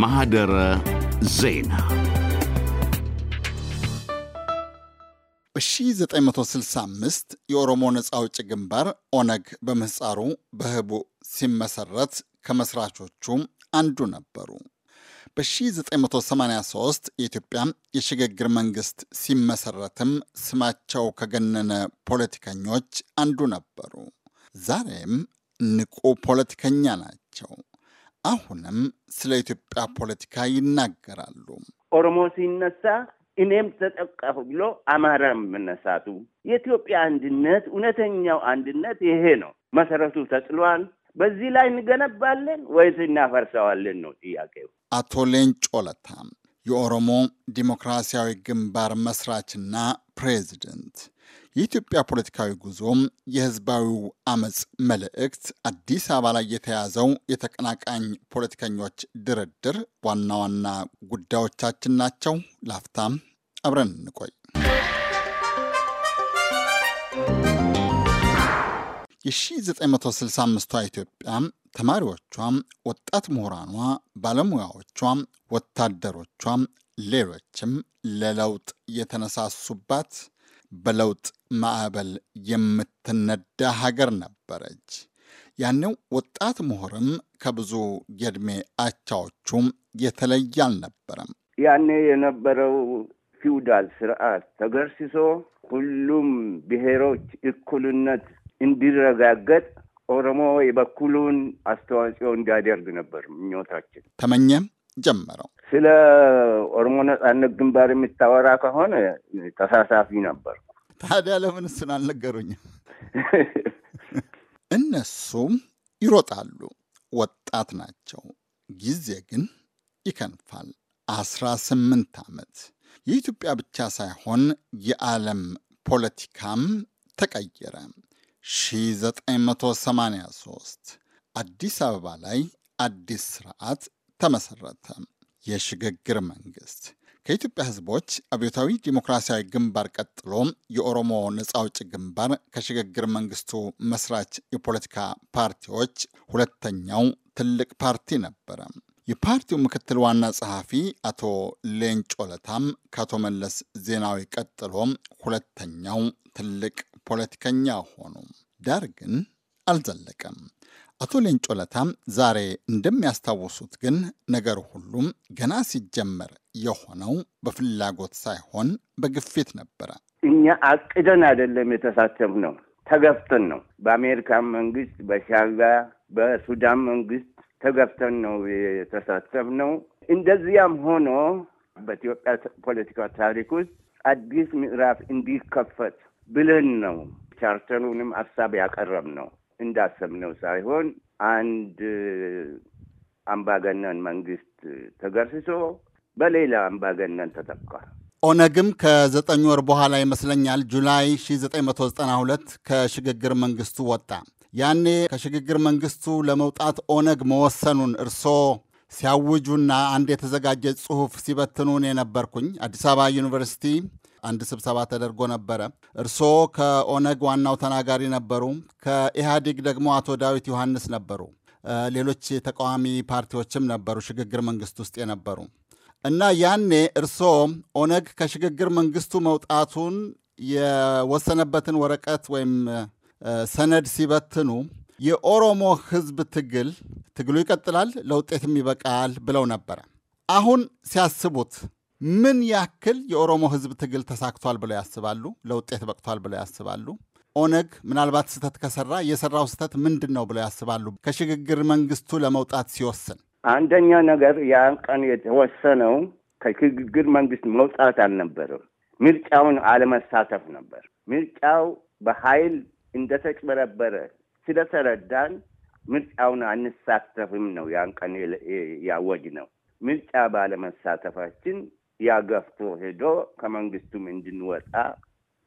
ማህደረ ዜና በ1965 የኦሮሞ ነፃ አውጪ ግንባር ኦነግ በምህፃሩ በህቡ ሲመሰረት ከመስራቾቹ አንዱ ነበሩ። በ1983 የኢትዮጵያ የሽግግር መንግስት ሲመሰረትም ስማቸው ከገነነ ፖለቲከኞች አንዱ ነበሩ። ዛሬም ንቁ ፖለቲከኛ ናቸው። አሁንም ስለ ኢትዮጵያ ፖለቲካ ይናገራሉ። ኦሮሞ ሲነሳ እኔም ተጠቃሁ ብሎ አማራ መነሳቱ የኢትዮጵያ አንድነት እውነተኛው አንድነት ይሄ ነው። መሰረቱ ተጥሏል። በዚህ ላይ እንገነባለን ወይስ እናፈርሰዋለን ነው ጥያቄው። አቶ ሌንጮ ለታ የኦሮሞ ዲሞክራሲያዊ ግንባር መስራችና ፕሬዚደንት የኢትዮጵያ ፖለቲካዊ ጉዞም የህዝባዊው አመፅ መልእክት፣ አዲስ አበባ ላይ የተያዘው የተቀናቃኝ ፖለቲከኞች ድርድር ዋና ዋና ጉዳዮቻችን ናቸው። ላፍታም አብረን እንቆይ። የ1965ቷ ኢትዮጵያ ተማሪዎቿ፣ ወጣት ምሁራኗ፣ ባለሙያዎቿ፣ ወታደሮቿ፣ ሌሎችም ለለውጥ የተነሳሱባት በለውጥ ማዕበል የምትነዳ ሀገር ነበረች። ያኔው ወጣት ምሁርም ከብዙ የዕድሜ አቻዎቹም የተለየ አልነበረም። ያኔ የነበረው ፊውዳል ስርዓት ተገርሲሶ ሁሉም ብሔሮች እኩልነት እንዲረጋገጥ ኦሮሞ የበኩሉን አስተዋጽኦ እንዲያደርግ ነበር ምኞታችን። ተመኘም ጀመረው። ስለ ኦሮሞ ነጻነት ግንባር የምታወራ ከሆነ ተሳሳፊ ነበር ታዲያ ለምን እሱን አልነገሩኝም? እነሱም ይሮጣሉ፣ ወጣት ናቸው። ጊዜ ግን ይከንፋል። አስራ ስምንት ዓመት የኢትዮጵያ ብቻ ሳይሆን የዓለም ፖለቲካም ተቀየረ። 1983 አዲስ አበባ ላይ አዲስ ስርዓት ተመሰረተ። የሽግግር መንግስት ከኢትዮጵያ ህዝቦች አብዮታዊ ዲሞክራሲያዊ ግንባር ቀጥሎ የኦሮሞ ነጻ ግንባር ከሽግግር መንግስቱ መስራች የፖለቲካ ፓርቲዎች ሁለተኛው ትልቅ ፓርቲ ነበረ። የፓርቲው ምክትል ዋና ጸሐፊ አቶ ሌንጮ ለታም ከአቶ መለስ ዜናዊ ቀጥሎ ሁለተኛው ትልቅ ፖለቲከኛ ሆኑ። ዳር ግን አልዘለቀም። አቶ ሌንጮ ዛሬ እንደሚያስታውሱት ግን ነገር ሁሉም ገና ሲጀመር የሆነው በፍላጎት ሳይሆን በግፊት ነበረ። እኛ አቅደን አይደለም ነው ተገፍተን ነው። በአሜሪካ መንግስት፣ በሻዕቢያ በሱዳን መንግስት ተገፍተን ነው የተሳተፍ ነው። እንደዚያም ሆኖ በኢትዮጵያ ፖለቲካ ታሪክ ውስጥ አዲስ ምዕራፍ እንዲከፈት ብለን ነው ቻርተሩንም ሀሳብ ያቀረብ ነው እንዳሰብነው ሳይሆን አንድ አምባገነን መንግስት ተገርስሶ በሌላ አምባገነን ተተኳ። ኦነግም ከዘጠኝ ወር በኋላ ይመስለኛል ጁላይ 1992 ከሽግግር መንግስቱ ወጣ። ያኔ ከሽግግር መንግስቱ ለመውጣት ኦነግ መወሰኑን እርሶ ሲያውጁና አንድ የተዘጋጀ ጽሑፍ ሲበትኑን የነበርኩኝ አዲስ አበባ ዩኒቨርሲቲ አንድ ስብሰባ ተደርጎ ነበረ። እርሶ ከኦነግ ዋናው ተናጋሪ ነበሩ። ከኢህአዴግ ደግሞ አቶ ዳዊት ዮሐንስ ነበሩ። ሌሎች ተቃዋሚ ፓርቲዎችም ነበሩ ሽግግር መንግስት ውስጥ የነበሩ እና ያኔ እርሶ ኦነግ ከሽግግር መንግስቱ መውጣቱን የወሰነበትን ወረቀት ወይም ሰነድ ሲበትኑ የኦሮሞ ህዝብ ትግል ትግሉ ይቀጥላል፣ ለውጤትም ይበቃል ብለው ነበረ። አሁን ሲያስቡት ምን ያክል የኦሮሞ ህዝብ ትግል ተሳክቷል ብለው ያስባሉ? ለውጤት በቅቷል ብለው ያስባሉ? ኦነግ ምናልባት ስህተት ከሰራ የሰራው ስህተት ምንድን ነው ብለው ያስባሉ? ከሽግግር መንግስቱ ለመውጣት ሲወስን አንደኛ ነገር ያን ቀን የተወሰነው ከሽግግር መንግስት መውጣት አልነበረም፣ ምርጫውን አለመሳተፍ ነበር። ምርጫው በኃይል እንደተጭበረበረ ስለተረዳን ምርጫውን አንሳተፍም ነው ያን ቀን ያወጅ ነው። ምርጫ ባለመሳተፋችን ያገፍቶ ሄዶ ከመንግስቱም እንድንወጣ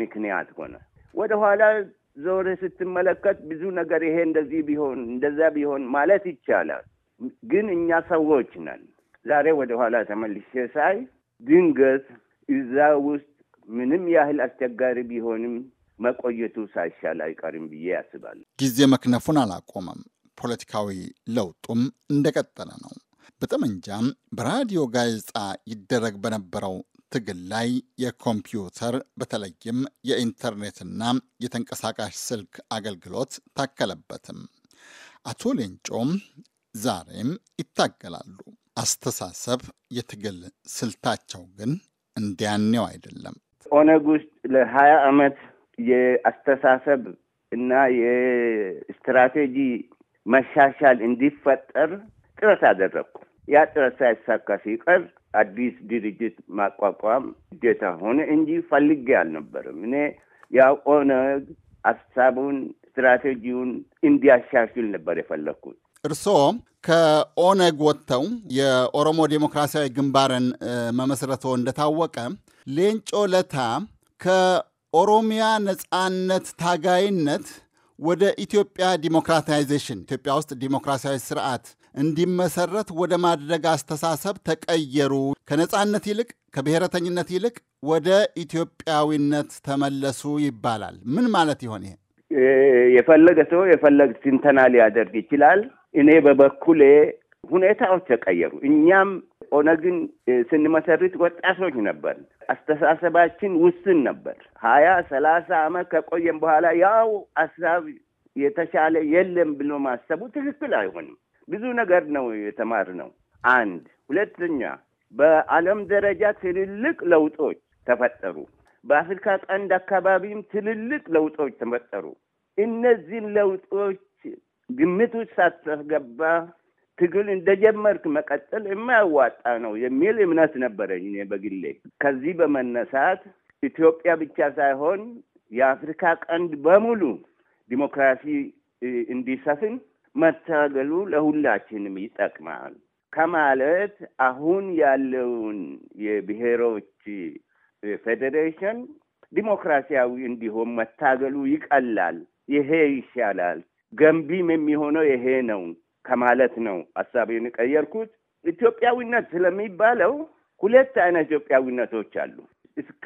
ምክንያት ሆነ። ወደ ኋላ ዞር ስትመለከት ብዙ ነገር ይሄ እንደዚህ ቢሆን እንደዛ ቢሆን ማለት ይቻላል። ግን እኛ ሰዎች ነን። ዛሬ ወደ ኋላ ተመልሼ ሳይ ድንገት እዛ ውስጥ ምንም ያህል አስቸጋሪ ቢሆንም መቆየቱ ሳይሻል አይቀርም ብዬ ያስባል። ጊዜ መክነፉን አላቆመም። ፖለቲካዊ ለውጡም እንደቀጠለ ነው። በጠመንጃ በራዲዮ ጋዜጣ ይደረግ በነበረው ትግል ላይ የኮምፒውተር በተለይም የኢንተርኔትና የተንቀሳቃሽ ስልክ አገልግሎት ታከለበትም። አቶ ሌንጮም ዛሬም ይታገላሉ። አስተሳሰብ የትግል ስልታቸው ግን እንዲያኔው አይደለም። ኦነግ ውስጥ ለሀያ ዓመት የአስተሳሰብ እና የስትራቴጂ መሻሻል እንዲፈጠር ጥረት አደረግኩ። ያ ጥረት ሳይሳካ ሲቀር አዲስ ድርጅት ማቋቋም ግዴታ ሆነ እንጂ ፈልጌ አልነበርም። እኔ ያው ኦነግ ሀሳቡን ስትራቴጂውን እንዲያሻሽል ነበር የፈለግኩት። እርስዎ ከኦነግ ወጥተው የኦሮሞ ዴሞክራሲያዊ ግንባርን መመስረቶ እንደታወቀ ሌንጮ ለታ ከኦሮሚያ ነጻነት ታጋይነት ወደ ኢትዮጵያ ዲሞክራታይዜሽን ኢትዮጵያ ውስጥ ዲሞክራሲያዊ ስርዓት እንዲመሰረት ወደ ማድረግ አስተሳሰብ ተቀየሩ። ከነጻነት ይልቅ ከብሔረተኝነት ይልቅ ወደ ኢትዮጵያዊነት ተመለሱ ይባላል። ምን ማለት ይሆን ይሄ? የፈለገ ሰው የፈለግ ትንተና ሊያደርግ ይችላል። እኔ በበኩሌ ሁኔታዎች ተቀየሩ። እኛም ኦነግን ስንመሰርት ወጣቶች ነበር። አስተሳሰባችን ውስን ነበር። ሀያ ሰላሳ አመት ከቆየም በኋላ ያው አሳብ የተሻለ የለም ብሎ ማሰቡ ትክክል አይሆንም። ብዙ ነገር ነው የተማርነው። አንድ ሁለተኛ፣ በዓለም ደረጃ ትልልቅ ለውጦች ተፈጠሩ። በአፍሪካ ቀንድ አካባቢም ትልልቅ ለውጦች ተፈጠሩ። እነዚህን ለውጦች ግምት ውስጥ ሳታስገባ ትግል እንደጀመርክ መቀጠል የማያዋጣ ነው የሚል እምነት ነበረኝ እኔ በግሌ። ከዚህ በመነሳት ኢትዮጵያ ብቻ ሳይሆን የአፍሪካ ቀንድ በሙሉ ዲሞክራሲ እንዲሰፍን መታገሉ ለሁላችንም ይጠቅማል ከማለት አሁን ያለውን የብሔሮች ፌዴሬሽን ዲሞክራሲያዊ እንዲሆን መታገሉ ይቀላል። ይሄ ይሻላል። ገንቢም የሚሆነው ይሄ ነው። ከማለት ነው ሀሳቤን ቀየርኩት። ኢትዮጵያዊነት ስለሚባለው ሁለት አይነት ኢትዮጵያዊነቶች አሉ። እስከ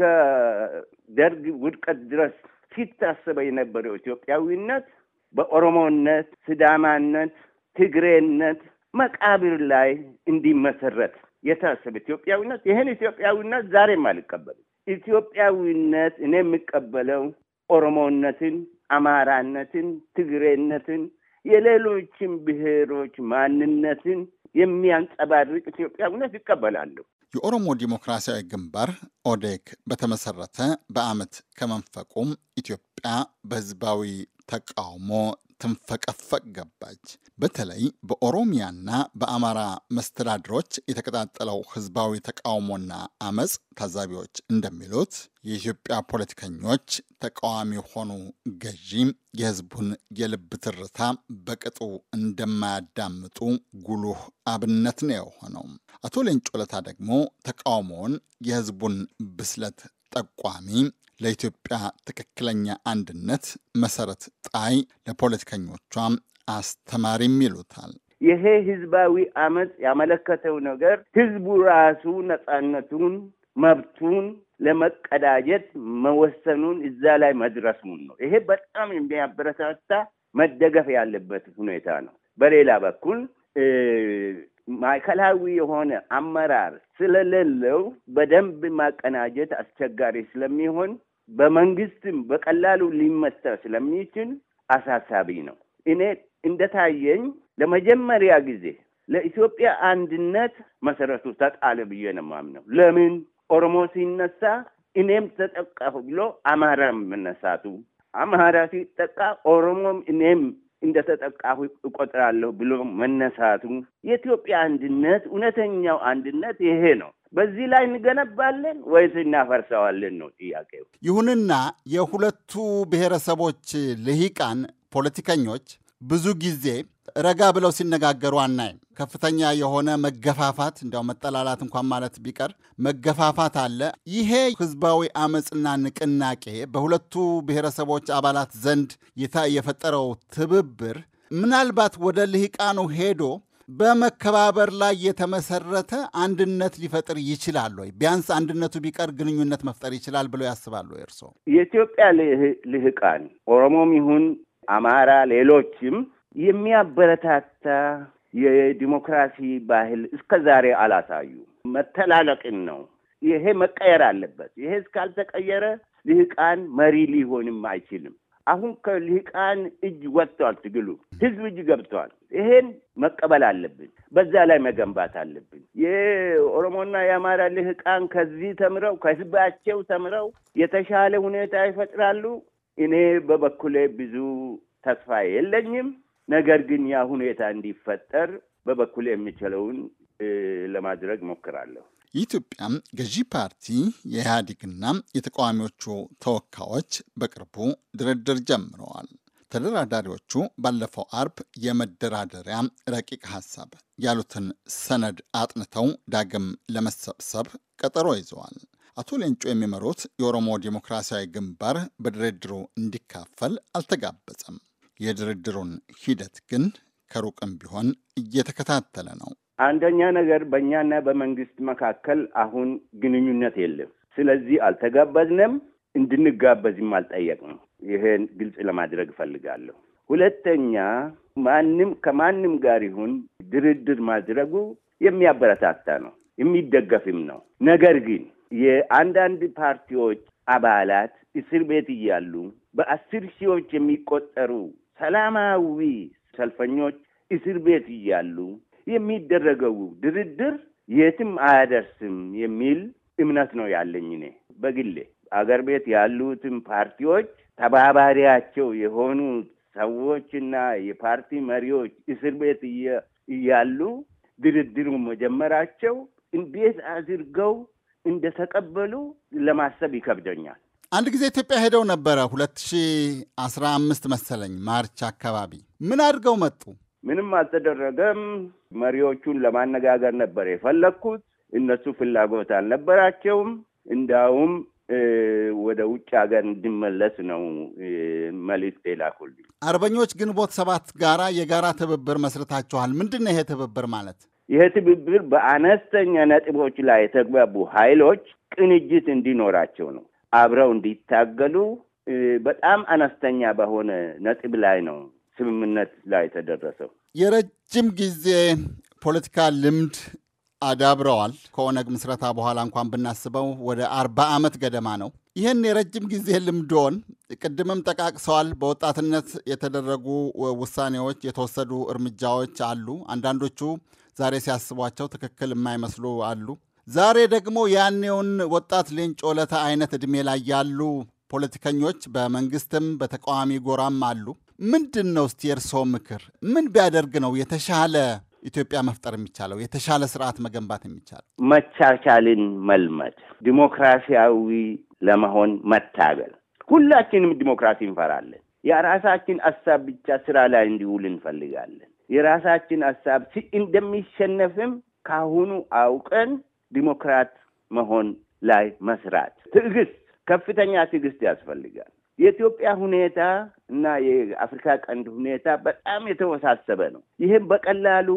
ደርግ ውድቀት ድረስ ሲታሰበ የነበረው ኢትዮጵያዊነት በኦሮሞነት፣ ስዳማነት፣ ትግሬነት መቃብር ላይ እንዲመሰረት የታሰበ ኢትዮጵያዊነት ይህን ኢትዮጵያዊነት ዛሬም አልቀበልም። ኢትዮጵያዊነት እኔ የምቀበለው ኦሮሞነትን፣ አማራነትን፣ ትግሬነትን የሌሎችን ብሔሮች ማንነትን የሚያንጸባርቅ ኢትዮጵያዊነት ይቀበላሉ። የኦሮሞ ዲሞክራሲያዊ ግንባር ኦዴግ በተመሰረተ በዓመት ከመንፈቁም ኢትዮጵያ በህዝባዊ ተቃውሞ ትንፈቀፈቅ ገባች። በተለይ በኦሮሚያና በአማራ መስተዳድሮች የተቀጣጠለው ህዝባዊ ተቃውሞና አመፅ ታዛቢዎች እንደሚሉት የኢትዮጵያ ፖለቲከኞች ተቃዋሚ ሆኑ ገዢ የህዝቡን የልብ ትርታ በቅጡ እንደማያዳምጡ ጉሉህ አብነት ነው የሆነው። አቶ ሌንጮ ለታ ደግሞ ተቃውሞውን የህዝቡን ብስለት ጠቋሚ ለኢትዮጵያ ትክክለኛ አንድነት መሰረት ጣይ፣ ለፖለቲከኞቿም አስተማሪም ይሉታል። ይሄ ህዝባዊ አመፅ ያመለከተው ነገር ህዝቡ ራሱ ነፃነቱን መብቱን ለመቀዳጀት መወሰኑን እዛ ላይ መድረሱን ነው። ይሄ በጣም የሚያበረታታ መደገፍ ያለበት ሁኔታ ነው። በሌላ በኩል ማዕከላዊ የሆነ አመራር ስለሌለው በደንብ ማቀናጀት አስቸጋሪ ስለሚሆን በመንግስትም በቀላሉ ሊመታ ስለሚችል አሳሳቢ ነው። እኔ እንደታየኝ ለመጀመሪያ ጊዜ ለኢትዮጵያ አንድነት መሰረቱ ተጣለ ብዬ ነው የማምነው። ለምን ኦሮሞ ሲነሳ እኔም ተጠቃሁ ብሎ አማራ መነሳቱ፣ አማራ ሲጠቃ ኦሮሞም እኔም እንደተጠቃሁ እቆጥራለሁ ብሎ መነሳቱ የኢትዮጵያ አንድነት እውነተኛው አንድነት ይሄ ነው። በዚህ ላይ እንገነባለን ወይስ እናፈርሰዋለን ነው ጥያቄው። ይሁንና የሁለቱ ብሔረሰቦች ልሂቃን ፖለቲከኞች ብዙ ጊዜ ረጋ ብለው ሲነጋገሩ አናይም። ከፍተኛ የሆነ መገፋፋት እንዲያው መጠላላት እንኳን ማለት ቢቀር መገፋፋት አለ። ይሄ ህዝባዊ አመፅና ንቅናቄ በሁለቱ ብሔረሰቦች አባላት ዘንድ የታ የፈጠረው ትብብር ምናልባት ወደ ልሂቃኑ ሄዶ በመከባበር ላይ የተመሰረተ አንድነት ሊፈጥር ይችላል ወይ? ቢያንስ አንድነቱ ቢቀር ግንኙነት መፍጠር ይችላል ብለው ያስባሉ እርስዎ? የኢትዮጵያ ልህቃን ኦሮሞም ይሁን አማራ፣ ሌሎችም የሚያበረታታ የዲሞክራሲ ባህል እስከ ዛሬ አላሳዩ። መተላለቅን ነው። ይሄ መቀየር አለበት። ይሄ እስካልተቀየረ ልህቃን መሪ ሊሆንም አይችልም። አሁን ከሊቃን እጅ ወጥቷል። ትግሉ ህዝብ እጅ ገብተዋል። ይሄን መቀበል አለብን። በዛ ላይ መገንባት አለብን። የኦሮሞና የአማራ ልህቃን ከዚህ ተምረው ከህዝባቸው ተምረው የተሻለ ሁኔታ ይፈጥራሉ። እኔ በበኩሌ ብዙ ተስፋ የለኝም። ነገር ግን ያ ሁኔታ እንዲፈጠር በበኩሌ የሚችለውን ለማድረግ ሞክራለሁ። የኢትዮጵያ ገዢ ፓርቲ የኢህአዴግና የተቃዋሚዎቹ ተወካዮች በቅርቡ ድርድር ጀምረዋል። ተደራዳሪዎቹ ባለፈው አርብ የመደራደሪያ ረቂቅ ሀሳብ ያሉትን ሰነድ አጥንተው ዳግም ለመሰብሰብ ቀጠሮ ይዘዋል። አቶ ሌንጮ የሚመሩት የኦሮሞ ዴሞክራሲያዊ ግንባር በድርድሩ እንዲካፈል አልተጋበጸም። የድርድሩን ሂደት ግን ከሩቅም ቢሆን እየተከታተለ ነው። አንደኛ ነገር በእኛና በመንግስት መካከል አሁን ግንኙነት የለም። ስለዚህ አልተጋበዝንም፣ እንድንጋበዝም አልጠየቅም። ይሄን ግልጽ ለማድረግ እፈልጋለሁ። ሁለተኛ ማንም ከማንም ጋር ይሁን ድርድር ማድረጉ የሚያበረታታ ነው፣ የሚደገፍም ነው። ነገር ግን የአንዳንድ ፓርቲዎች አባላት እስር ቤት እያሉ በአስር ሺዎች የሚቆጠሩ ሰላማዊ ሰልፈኞች እስር ቤት እያሉ የሚደረገው ድርድር የትም አያደርስም የሚል እምነት ነው ያለኝ እኔ በግሌ። አገር ቤት ያሉትም ፓርቲዎች ተባባሪያቸው የሆኑ ሰዎችና የፓርቲ መሪዎች እስር ቤት እያሉ ድርድሩ መጀመራቸው እንዴት አድርገው እንደተቀበሉ ለማሰብ ይከብደኛል። አንድ ጊዜ ኢትዮጵያ ሄደው ነበረ፣ ሁለት አስራ አምስት መሰለኝ ማርች አካባቢ። ምን አድርገው መጡ? ምንም አልተደረገም። መሪዎቹን ለማነጋገር ነበር የፈለግኩት። እነሱ ፍላጎት አልነበራቸውም። እንዳውም ወደ ውጭ ሀገር እንድመለስ ነው መልዕክት የላኩልኝ። አርበኞች ግንቦት ሰባት ጋራ የጋራ ትብብር መስርታችኋል። ምንድን ነው ይሄ ትብብር ማለት? ይሄ ትብብር በአነስተኛ ነጥቦች ላይ የተግባቡ ኃይሎች ቅንጅት እንዲኖራቸው ነው። አብረው እንዲታገሉ በጣም አነስተኛ በሆነ ነጥብ ላይ ነው ስምምነት ላይ ተደረሰው። የረጅም ጊዜ ፖለቲካ ልምድ አዳብረዋል። ከኦነግ ምስረታ በኋላ እንኳን ብናስበው ወደ አርባ ዓመት ገደማ ነው። ይህን የረጅም ጊዜ ልምዶን ቅድምም ጠቃቅሰዋል። በወጣትነት የተደረጉ ውሳኔዎች፣ የተወሰዱ እርምጃዎች አሉ። አንዳንዶቹ ዛሬ ሲያስቧቸው ትክክል የማይመስሉ አሉ። ዛሬ ደግሞ ያኔውን ወጣት ሌንጮ ለታ አይነት ዕድሜ ላይ ያሉ ፖለቲከኞች በመንግስትም በተቃዋሚ ጎራም አሉ። ምንድን ነው እስቲ የእርስዎ ምክር? ምን ቢያደርግ ነው የተሻለ ኢትዮጵያ መፍጠር የሚቻለው የተሻለ ስርዓት መገንባት የሚቻለው? መቻቻልን መልመድ፣ ዲሞክራሲያዊ ለመሆን መታገል። ሁላችንም ዲሞክራሲ እንፈራለን። የራሳችን ሀሳብ ብቻ ስራ ላይ እንዲውል እንፈልጋለን። የራሳችን ሀሳብ እንደሚሸነፍም ካሁኑ አውቀን ዲሞክራት መሆን ላይ መስራት፣ ትዕግስት ከፍተኛ ትዕግስት ያስፈልጋል። የኢትዮጵያ ሁኔታ እና የአፍሪካ ቀንድ ሁኔታ በጣም የተወሳሰበ ነው። ይህም በቀላሉ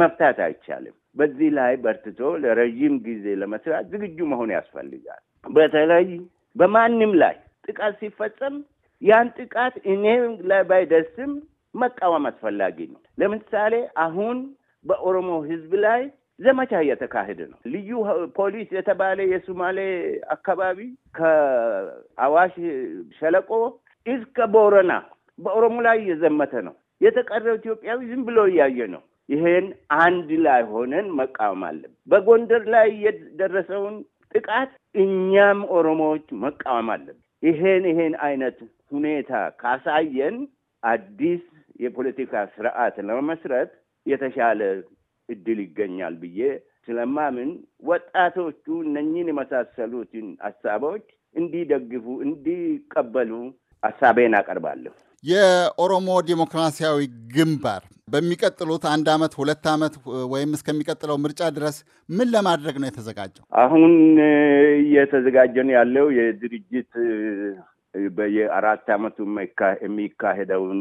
መፍታት አይቻልም። በዚህ ላይ በርትቶ ለረዥም ጊዜ ለመስራት ዝግጁ መሆን ያስፈልጋል። በተለይ በማንም ላይ ጥቃት ሲፈጸም ያን ጥቃት እኔ ላይ ባይደርስም መቃወም አስፈላጊ ነው። ለምሳሌ አሁን በኦሮሞ ሕዝብ ላይ ዘመቻ እየተካሄደ ነው። ልዩ ፖሊስ የተባለ የሶማሌ አካባቢ ከአዋሽ ሸለቆ እስከ ቦረና በኦሮሞ ላይ እየዘመተ ነው። የተቀረው ኢትዮጵያዊ ዝም ብሎ እያየ ነው። ይሄን አንድ ላይ ሆነን መቃወም አለብን። በጎንደር ላይ የደረሰውን ጥቃት እኛም ኦሮሞዎች መቃወም አለብን። ይሄን ይሄን አይነት ሁኔታ ካሳየን አዲስ የፖለቲካ ስርዓት ለመመስረት የተሻለ እድል ይገኛል ብዬ ስለማምን ወጣቶቹ እነኝን የመሳሰሉትን ሀሳቦች እንዲደግፉ፣ እንዲቀበሉ ሀሳቤን አቀርባለሁ። የኦሮሞ ዴሞክራሲያዊ ግንባር በሚቀጥሉት አንድ ዓመት ሁለት ዓመት ወይም እስከሚቀጥለው ምርጫ ድረስ ምን ለማድረግ ነው የተዘጋጀው? አሁን እየተዘጋጀን ያለው የድርጅት በየአራት ዓመቱ የሚካሄደውን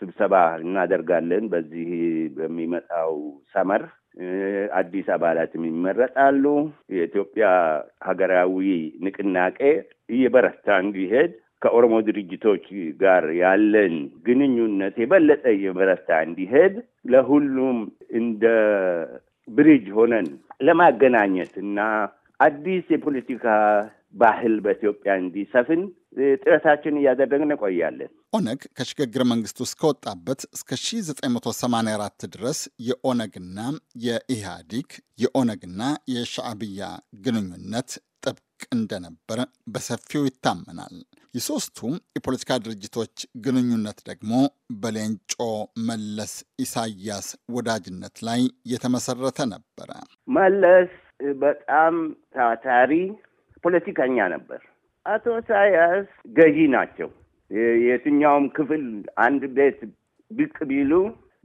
ስብሰባ እናደርጋለን። በዚህ በሚመጣው ሰመር አዲስ አባላትም ይመረጣሉ። የኢትዮጵያ ሀገራዊ ንቅናቄ እየበረታ እንዲሄድ ከኦሮሞ ድርጅቶች ጋር ያለን ግንኙነት የበለጠ እየበረታ እንዲሄድ ለሁሉም እንደ ብሪጅ ሆነን ለማገናኘት እና አዲስ የፖለቲካ ባህል በኢትዮጵያ እንዲሰፍን ጥረታችን እያደረግን እንቆያለን። ኦነግ ከሽግግር መንግስቱ እስከወጣበት እስከ 1984 ድረስ የኦነግና የኢህአዲግ የኦነግና የሻዕብያ ግንኙነት ጥብቅ እንደነበር በሰፊው ይታመናል። የሦስቱም የፖለቲካ ድርጅቶች ግንኙነት ደግሞ በሌንጮ መለስ ኢሳያስ ወዳጅነት ላይ የተመሰረተ ነበረ። መለስ በጣም ታታሪ ፖለቲከኛ ነበር። አቶ ኢሳያስ ገዢ ናቸው። የትኛውም ክፍል አንድ ቤት ብቅ ቢሉ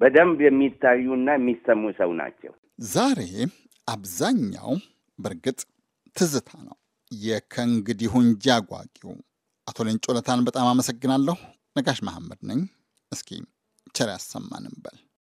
በደንብ የሚታዩና የሚሰሙ ሰው ናቸው። ዛሬ አብዛኛው በእርግጥ ትዝታ ነው። የከእንግዲሁ እንጂ አጓጊው አቶ ሌንጮ ለታን በጣም አመሰግናለሁ። ነጋሽ መሐመድ ነኝ። እስኪ ቸር ያሰማን እንበል።